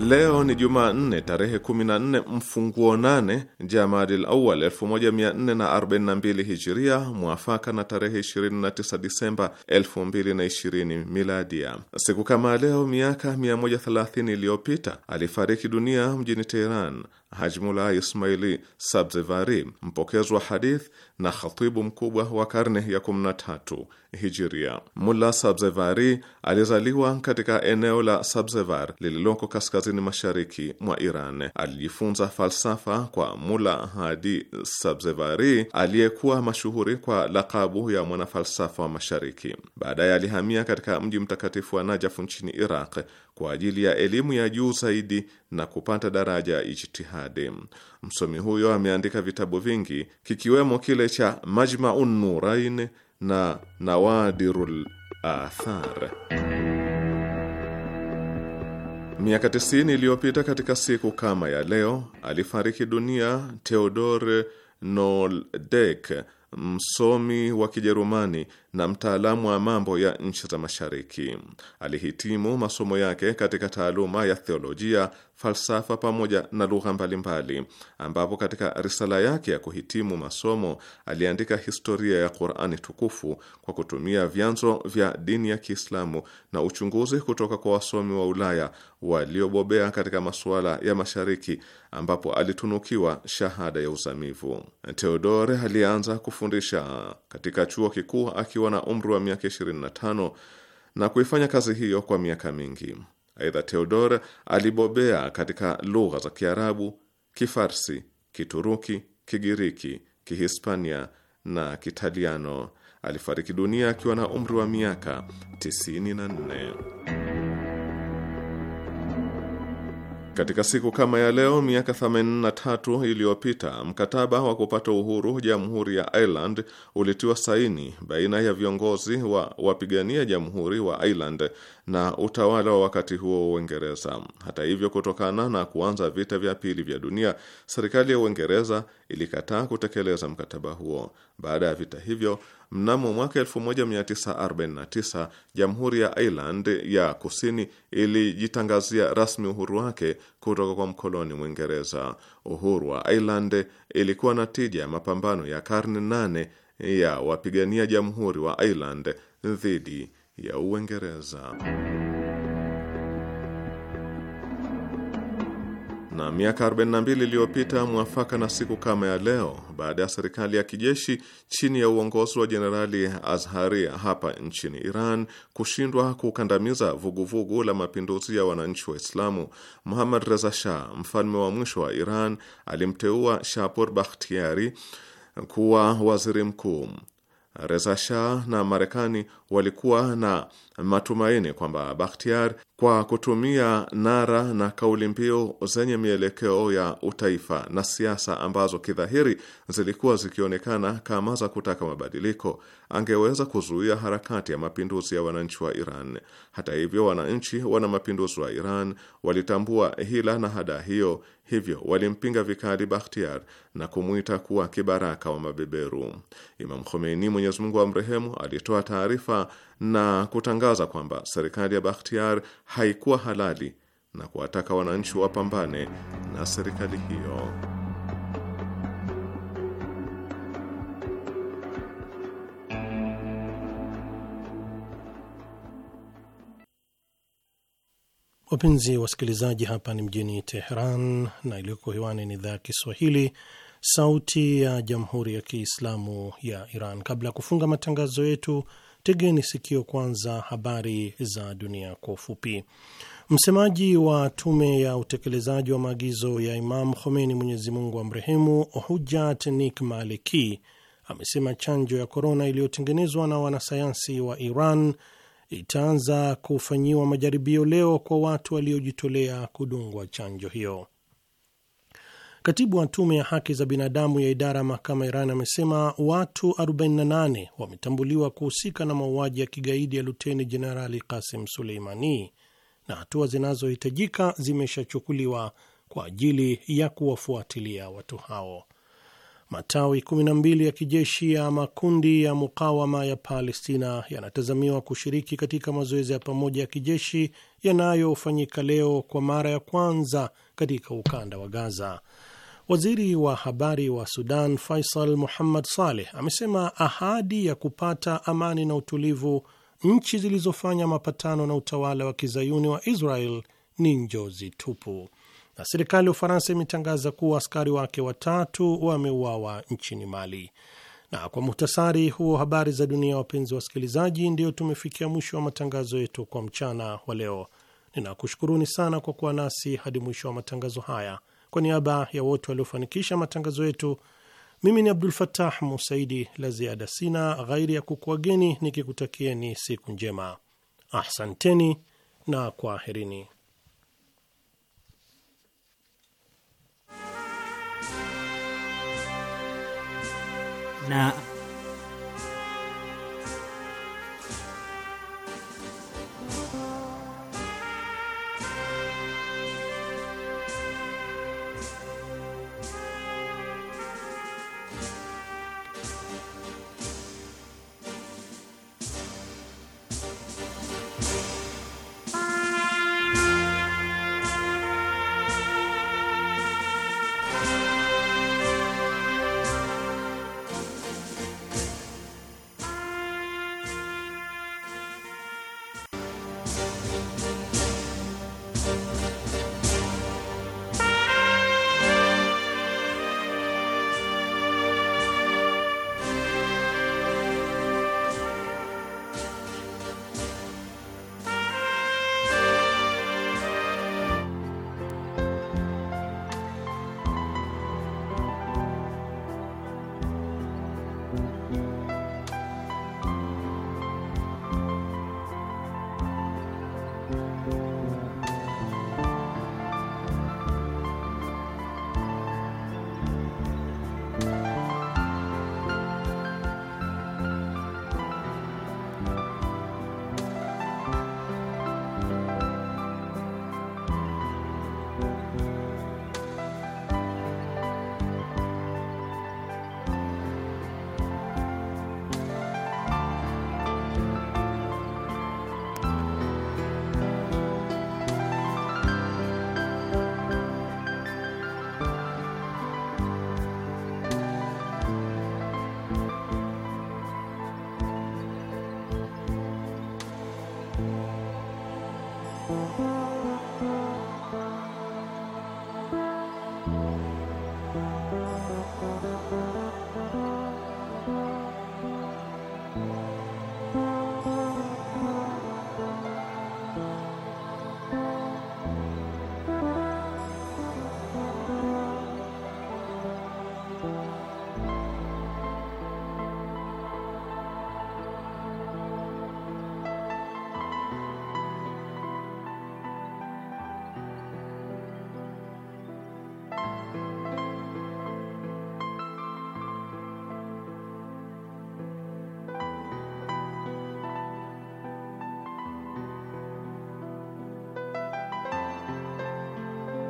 [SPEAKER 5] Leo ni nne tarehe 14 mfunguo nane Jamadil Awal 1442 Hijiria, mwafaka na tarehe 29 Disemba 2020 Miladia. Siku kama leo miaka 130 iliyopita alifariki dunia mjini Teheran Hajmullah Ismaili Sabzevari, mpokezi wa hadith na khatibu mkubwa wa karne ya 13 Hijiria. Mulla Sabzevari alizaliwa katika eneo la Sabzevar lililoko kaskazini mashariki mwa Iran. Alijifunza falsafa kwa Mulla Hadi Sabzevari aliyekuwa mashuhuri kwa lakabu ya mwanafalsafa wa Mashariki. Baadaye alihamia katika mji mtakatifu wa najafu nchini Iraq kwa ajili ya elimu ya juu zaidi na kupata daraja ya ijtihadi. Msomi huyo ameandika vitabu vingi kikiwemo kile cha Majmaun Nurain na Nawadirul Athar. Miaka 90 iliyopita katika siku kama ya leo alifariki dunia Theodore Noldek msomi wa Kijerumani na mtaalamu wa mambo ya nchi za Mashariki. Alihitimu masomo yake katika taaluma ya theolojia falsafa pamoja na lugha mbalimbali, ambapo katika risala yake ya kuhitimu masomo aliandika historia ya Qur'ani tukufu kwa kutumia vyanzo vya dini ya Kiislamu na uchunguzi kutoka kwa wasomi wa Ulaya waliobobea katika masuala ya Mashariki, ambapo alitunukiwa shahada ya uzamivu. Theodore alianza kufundisha katika chuo kikuu akiwa na umri wa miaka 25 na kuifanya kazi hiyo kwa miaka mingi. Aidha, Theodor alibobea katika lugha za Kiarabu, Kifarsi, Kituruki, Kigiriki, Kihispania na Kitaliano. Alifariki dunia akiwa na umri wa miaka 94. Katika siku kama ya leo miaka 83 iliyopita mkataba wa kupata uhuru jamhuri ya Ireland ulitiwa saini baina ya viongozi wa wapigania jamhuri wa Ireland na utawala wa wakati huo wa Uingereza. Hata hivyo, kutokana na kuanza vita vya pili vya dunia, serikali ya Uingereza ilikataa kutekeleza mkataba huo. Baada ya vita hivyo mnamo mwaka 1949 jamhuri ya Ireland ya kusini ilijitangazia rasmi uhuru wake kutoka kwa mkoloni Mwingereza. Uhuru wa Ireland ilikuwa na tija ya mapambano ya karne nane ya wapigania jamhuri wa Ireland dhidi ya Uingereza. na miaka 42 iliyopita mwafaka na siku kama ya leo, baada ya serikali ya kijeshi chini ya uongozi wa Jenerali Azhari hapa nchini Iran kushindwa kukandamiza vuguvugu vugu la mapinduzi ya wananchi Islamu, Muhammad Reza Shah, mfalme wa mwisho wa Iran, alimteua Shapur Bakhtiari kuwa waziri mkuu. Reza Shah na Marekani walikuwa na matumaini kwamba Bakhtiar kwa kutumia nara na kauli mbiu zenye mielekeo ya utaifa na siasa ambazo kidhahiri zilikuwa zikionekana kama za kutaka mabadiliko angeweza kuzuia harakati ya mapinduzi ya wananchi wa Iran. Hata hivyo, wananchi wana mapinduzi wa Iran walitambua hila na hada hiyo, hivyo walimpinga vikali Bakhtiar na kumwita kuwa kibaraka wa mabeberu. Imam Khomeini, Mwenyezi Mungu amrehemu, alitoa taarifa na kutangaza kwamba serikali ya Bakhtiar haikuwa halali na kuwataka wananchi wapambane na serikali hiyo.
[SPEAKER 1] Wapenzi wasikilizaji, hapa ni mjini Teheran na iliyoko hewani ni idhaa ya Kiswahili, Sauti ya Jamhuri ya Kiislamu ya Iran. Kabla ya kufunga matangazo yetu tegeni sikio kwanza habari za dunia kwa ufupi. Msemaji wa tume ya utekelezaji wa maagizo ya Imam Khomeini, Mwenyezi Mungu amrehemu, Hujat Nik Maliki amesema chanjo ya korona iliyotengenezwa na wanasayansi wa Iran itaanza kufanyiwa majaribio leo kwa watu waliojitolea kudungwa chanjo hiyo. Katibu wa tume ya haki za binadamu ya idara ya mahakama Iran amesema watu 48 wametambuliwa kuhusika na mauaji ya kigaidi ya luteni jenerali Kasim Suleimani na hatua zinazohitajika zimeshachukuliwa kwa ajili ya kuwafuatilia watu hao. Matawi 12 ya kijeshi ya makundi ya mukawama ya Palestina yanatazamiwa kushiriki katika mazoezi ya pamoja ya kijeshi yanayofanyika leo kwa mara ya kwanza katika ukanda wa Gaza. Waziri wa habari wa Sudan Faisal Muhammad Saleh amesema ahadi ya kupata amani na utulivu nchi zilizofanya mapatano na utawala wa kizayuni wa Israel ni njozi tupu. Na serikali ya Ufaransa imetangaza kuwa askari wake watatu wameuawa nchini Mali. Na kwa muhtasari huo habari za dunia, wapenzi wa wasikilizaji, ndio tumefikia mwisho wa matangazo yetu kwa mchana wa leo. Ninakushukuruni sana kwa kuwa nasi hadi mwisho wa matangazo haya. Kwa niaba ya wote waliofanikisha matangazo yetu, mimi ni Abdul fatah Musaidi. La ziada sina ghairi ya kukuageni nikikutakieni siku njema. Ahsanteni na kwaherini.
[SPEAKER 3] na